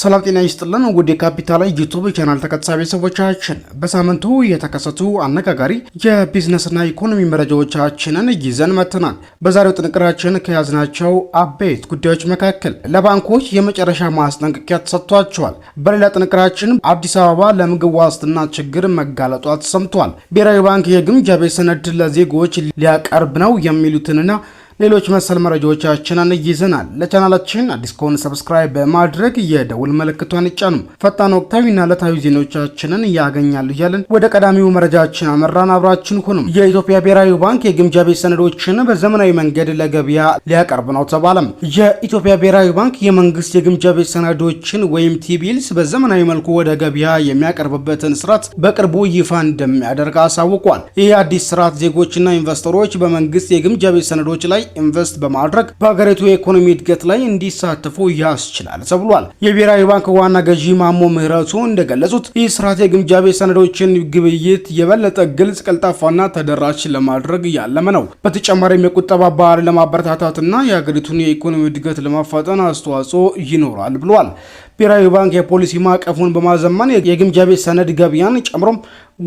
ሰላም ጤና ይስጥልን ውድ የካፒታል ዩቱብ ቻናል ተከታታይ ቤተሰቦቻችን በሳምንቱ የተከሰቱ አነጋጋሪ የቢዝነስና ኢኮኖሚ መረጃዎቻችንን ይዘን መጥተናል። በዛሬው ጥንቅራችን ከያዝናቸው አበይት ጉዳዮች መካከል ለባንኮች የመጨረሻ ማስጠንቀቂያ ተሰጥቷቸዋል። በሌላ ጥንቅራችን አዲስ አበባ ለምግብ ዋስትና ችግር መጋለጧ ተሰምቷል። ብሔራዊ ባንክ የግምጃ ቤት ሰነድ ለዜጎች ሊያቀርብ ነው የሚሉትንና ሌሎች መሰል መረጃዎቻችንን ይዘናል። ለቻናላችን አዲስ ከሆነ ሰብስክራይብ በማድረግ የደውል ምልክቷን ይጫኑ። ፈጣን ወቅታዊና ዕለታዊ ዜናዎቻችንን ያገኛሉ እያልን ወደ ቀዳሚው መረጃችን አመራን። አብራችን ሁኑም። የኢትዮጵያ ብሔራዊ ባንክ የግምጃ ቤት ሰነዶችን በዘመናዊ መንገድ ለገበያ ሊያቀርብ ነው ተባለም። የኢትዮጵያ ብሔራዊ ባንክ የመንግስት የግምጃ ቤት ሰነዶችን ወይም ቲቢልስ በዘመናዊ መልኩ ወደ ገበያ የሚያቀርብበትን ስርዓት በቅርቡ ይፋ እንደሚያደርግ አሳውቋል። ይህ አዲስ ስርዓት ዜጎችና ኢንቨስተሮች በመንግስት የግምጃ ቤት ሰነዶች ላይ ኢንቨስት በማድረግ በሀገሪቱ የኢኮኖሚ እድገት ላይ እንዲሳተፉ ያስችላል ተብሏል። የብሔራዊ ባንክ ዋና ገዢ ማሞ ምህረቱ እንደገለጹት ይህ ስትራቴጂ ግምጃ ቤት ሰነዶችን ግብይት የበለጠ ግልጽ፣ ቀልጣፋና ተደራሽ ለማድረግ ያለመ ነው። በተጨማሪም የቁጠባ ባህል ለማበረታታትና የሀገሪቱን የኢኮኖሚ እድገት ለማፋጠን አስተዋጽኦ ይኖራል ብሏል። ብሔራዊ ባንክ የፖሊሲ ማዕቀፉን በማዘመን የግምጃ ቤት ሰነድ ገቢያን ጨምሮም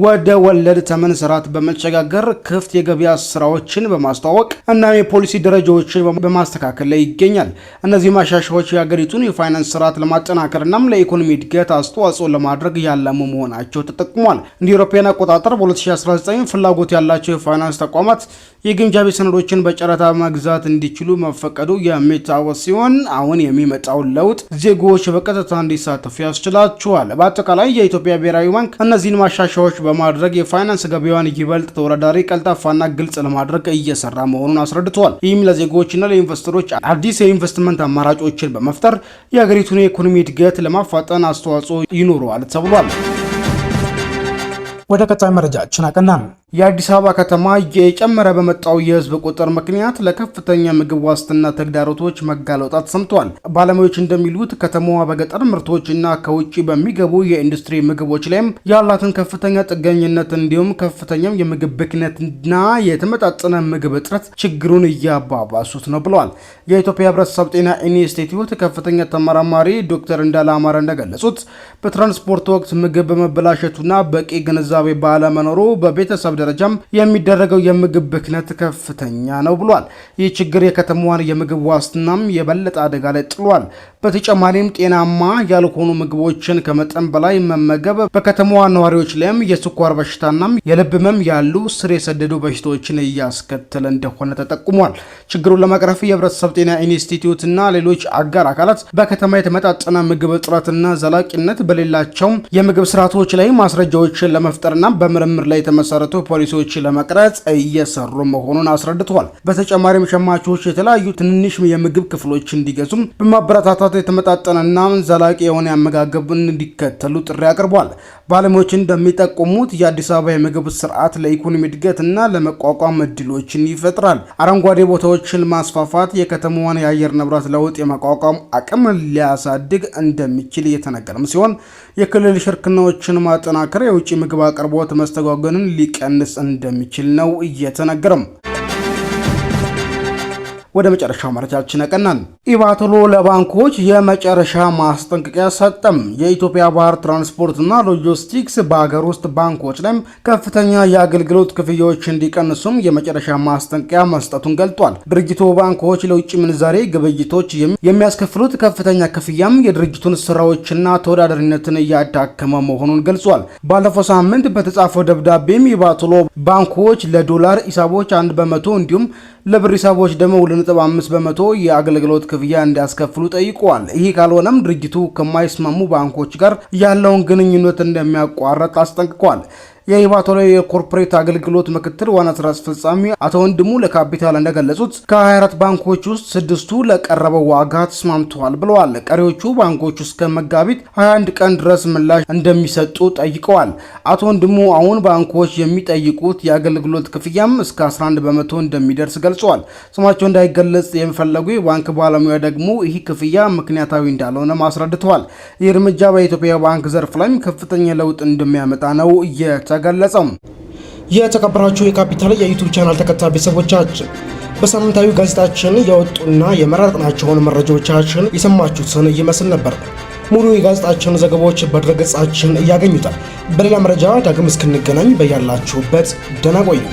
ወደ ወለድ ተመን ስርዓት በመሸጋገር ክፍት የገበያ ስራዎችን በማስተዋወቅ እናም የፖሊሲ ደረጃዎችን በማስተካከል ላይ ይገኛል። እነዚህ ማሻሻዎች የሀገሪቱን የፋይናንስ ስርዓት ለማጠናከር እናም ለኢኮኖሚ እድገት አስተዋጽኦ ለማድረግ ያለሙ መሆናቸው ተጠቅሟል። እንደ አውሮፓውያን አቆጣጠር በ2019 ፍላጎት ያላቸው የፋይናንስ ተቋማት የግምጃ ቤት ሰነዶችን በጨረታ መግዛት እንዲችሉ መፈቀዱ የሚታወስ ሲሆን አሁን የሚመጣውን ለውጥ ዜጎች በቀጥታ እንዲሳተፉ ያስችላችኋል። በአጠቃላይ የኢትዮጵያ ብሔራዊ ባንክ እነዚህን ማሻሻዎች በማድረግ የፋይናንስ ገበያዋን ይበልጥ ተወዳዳሪ፣ ቀልጣፋና ግልጽ ለማድረግ እየሰራ መሆኑን አስረድተዋል። ይህም ለዜጎችና ለኢንቨስተሮች አዲስ የኢንቨስትመንት አማራጮችን በመፍጠር የሀገሪቱን የኢኮኖሚ እድገት ለማፋጠን አስተዋጽኦ ይኖረዋል ተብሏል። ወደ ቀጣይ መረጃችን አቀናን። የአዲስ አበባ ከተማ እየጨመረ በመጣው የህዝብ ቁጥር ምክንያት ለከፍተኛ ምግብ ዋስትና ተግዳሮቶች መጋለጧ ሰምቷል። ባለሙያዎች እንደሚሉት ከተማዋ በገጠር ምርቶች እና ከውጭ በሚገቡ የኢንዱስትሪ ምግቦች ላይም ያላትን ከፍተኛ ጥገኝነት እንዲሁም ከፍተኛም የምግብ ብክነትና የተመጣጠነ ምግብ እጥረት ችግሩን እያባባሱት ነው ብለዋል። የኢትዮጵያ ህብረተሰብ ጤና ኢንስቲትዩት ከፍተኛ ተመራማሪ ዶክተር እንዳለ አማረ እንደገለጹት በትራንስፖርት ወቅት ምግብ በመበላሸቱና በቂ ግንዛቤ ባለመኖሩ በቤተሰብ ደረጃም የሚደረገው የምግብ ብክነት ከፍተኛ ነው ብሏል። ይህ ችግር የከተማዋን የምግብ ዋስትናም የበለጠ አደጋ ላይ ጥሏል። በተጨማሪም ጤናማ ያልሆኑ ምግቦችን ከመጠን በላይ መመገብ በከተማዋ ነዋሪዎች ላይም የስኳር በሽታናም የልብ ህመም ያሉ ስር የሰደዱ በሽታዎችን እያስከተለ እንደሆነ ተጠቁሟል። ችግሩን ለመቅረፍ የህብረተሰብ ጤና ኢንስቲትዩት እና ሌሎች አጋር አካላት በከተማ የተመጣጠነ ምግብ እጥረትና ዘላቂነት በሌላቸው የምግብ ስርዓቶች ላይ ማስረጃዎችን ለመፍጠርና በምርምር ላይ የተመሰረቱ ፖሊሲዎች ለመቅረጽ እየሰሩ መሆኑን አስረድተዋል። በተጨማሪም ሸማቾች የተለያዩ ትንንሽ የምግብ ክፍሎች እንዲገዙም በማበረታታት የተመጣጠነና ዘላቂ የሆነ አመጋገብን እንዲከተሉ ጥሪ አቅርቧል። ባለሙያዎች እንደሚጠቁሙት የአዲስ አበባ የምግብ ስርዓት ለኢኮኖሚ እድገት እና ለመቋቋም እድሎችን ይፈጥራል። አረንጓዴ ቦታዎችን ማስፋፋት የከተማዋን የአየር ንብረት ለውጥ የመቋቋም አቅም ሊያሳድግ እንደሚችል እየተነገረም ሲሆን የክልል ሽርክናዎችን ማጠናከር የውጭ ምግብ አቅርቦት መስተጓጎልን ሊቀንስ እንደሚችል ነው እየተነገረም። ወደ መጨረሻው መረጃችን አቀናን። ኢባትሎ ለባንኮች የመጨረሻ ማስጠንቀቂያ ሰጠም። የኢትዮጵያ ባህር ትራንስፖርትና ሎጂስቲክስ በሀገር ውስጥ ባንኮች ላይም ከፍተኛ የአገልግሎት ክፍያዎች እንዲቀንሱም የመጨረሻ ማስጠንቀቂያ መስጠቱን ገልጧል። ድርጅቱ ባንኮች ለውጭ ምንዛሬ ግብይቶች የሚያስከፍሉት ከፍተኛ ክፍያም የድርጅቱን ስራዎችና ተወዳዳሪነትን እያዳከመ መሆኑን ገልጿል። ባለፈው ሳምንት በተጻፈው ደብዳቤም ኢባቶሎ ባንኮች ለዶላር ሂሳቦች አንድ በመቶ እንዲሁም ለብር ሂሳቦች ደግሞ 2.5 በመቶ የአገልግሎት ክፍያ እንዲያስከፍሉ ጠይቀዋል። ይህ ካልሆነም ድርጅቱ ከማይስማሙ ባንኮች ጋር ያለውን ግንኙነት እንደሚያቋረጥ አስጠንቅቋል። የኢባቶሎ የኮርፖሬት አገልግሎት ምክትል ዋና ስራ አስፈጻሚ አቶ ወንድሙ ለካፒታል እንደገለጹት ከ24 ባንኮች ውስጥ ስድስቱ ለቀረበው ዋጋ ተስማምተዋል ብለዋል። ቀሪዎቹ ባንኮች እስከ መጋቢት 21 ቀን ድረስ ምላሽ እንደሚሰጡ ጠይቀዋል። አቶ ወንድሙ አሁን ባንኮች የሚጠይቁት የአገልግሎት ክፍያም እስከ 11 በመቶ እንደሚደርስ ገልጸዋል። ስማቸው እንዳይገለጽ የሚፈለጉ የባንክ ባለሙያ ደግሞ ይህ ክፍያ ምክንያታዊ እንዳልሆነ አስረድተዋል። ይህ እርምጃ በኢትዮጵያ ባንክ ዘርፍ ላይም ከፍተኛ ለውጥ እንደሚያመጣ ነው ተገለጸም። የተከበራችሁ የካፒታል የዩቱብ ቻናል ተከታይ ቤተሰቦቻችን በሳምንታዊ ጋዜጣችን የወጡና የመረጥናቸውን መረጃዎቻችን የሰማችሁትን ይመስል ነበር። ሙሉ የጋዜጣችን ዘገባዎች በድረገጻችን ያገኙታል። በሌላ መረጃ ዳግም እስክንገናኝ በያላችሁበት ደህና ቆዩ።